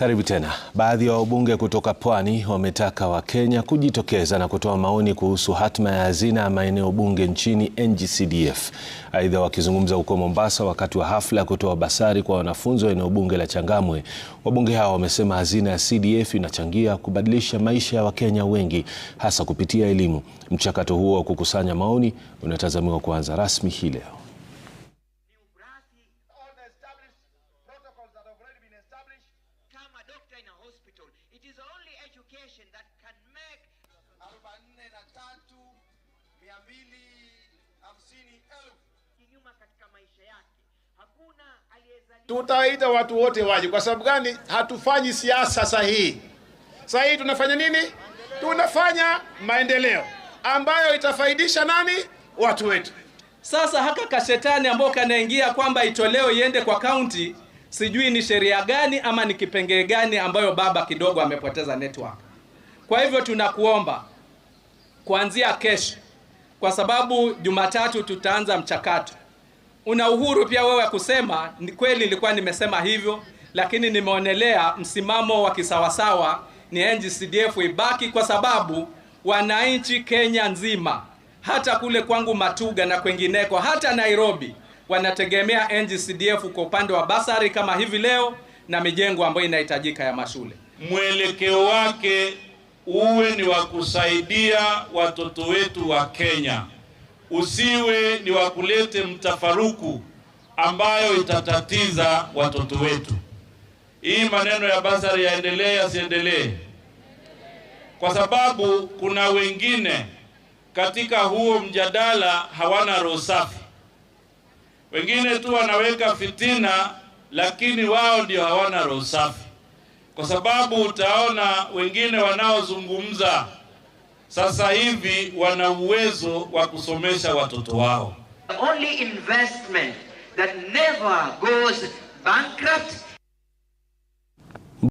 Karibu tena. Baadhi ya wabunge kutoka Pwani wametaka Wakenya kujitokeza na kutoa maoni kuhusu hatma ya hazina ya maeneo bunge nchini NGCDF. Aidha, wakizungumza huko Mombasa wakati wa hafla ya kutoa basari kwa wanafunzi wa eneo bunge la Changamwe, wabunge hao wamesema hazina ya CDF inachangia kubadilisha maisha ya Wakenya wengi hasa kupitia elimu. Mchakato huo wa kukusanya maoni unatazamiwa kuanza rasmi hii leo. become a doctor in a hospital. It is only education that can make 43250 kinyuma katika maisha yake. Hakuna aliyezaliwa. Tutaita watu wote waje. Kwa sababu gani? Hatufanyi siasa sahihi. Sahihi tunafanya nini? Tunafanya maendeleo ambayo itafaidisha nani? Watu wetu. Sasa haka kashetani ambao kanaingia kwamba itoleo iende kwa kaunti sijui ni sheria gani ama ni kipengee gani ambayo baba kidogo amepoteza network. Kwa hivyo tunakuomba kuanzia kesho, kwa sababu Jumatatu tutaanza mchakato. Una uhuru pia wewe kusema ni kweli nilikuwa nimesema hivyo, lakini nimeonelea msimamo wa kisawasawa ni NGCDF ibaki, kwa sababu wananchi Kenya nzima, hata kule kwangu Matuga na kwengineko, hata Nairobi wanategemea NGCDF kwa upande wa basari kama hivi leo na mijengo ambayo inahitajika ya mashule. Mwelekeo wake uwe ni wa kusaidia watoto wetu wa Kenya, usiwe ni wa kulete mtafaruku ambayo itatatiza watoto wetu. Hii maneno ya basari yaendelee yasiendelee, kwa sababu kuna wengine katika huo mjadala hawana roho safi wengine tu wanaweka fitina, lakini wao ndio hawana roho safi, kwa sababu utaona wengine wanaozungumza sasa hivi wana uwezo wa kusomesha watoto wao. The only investment that never goes bankrupt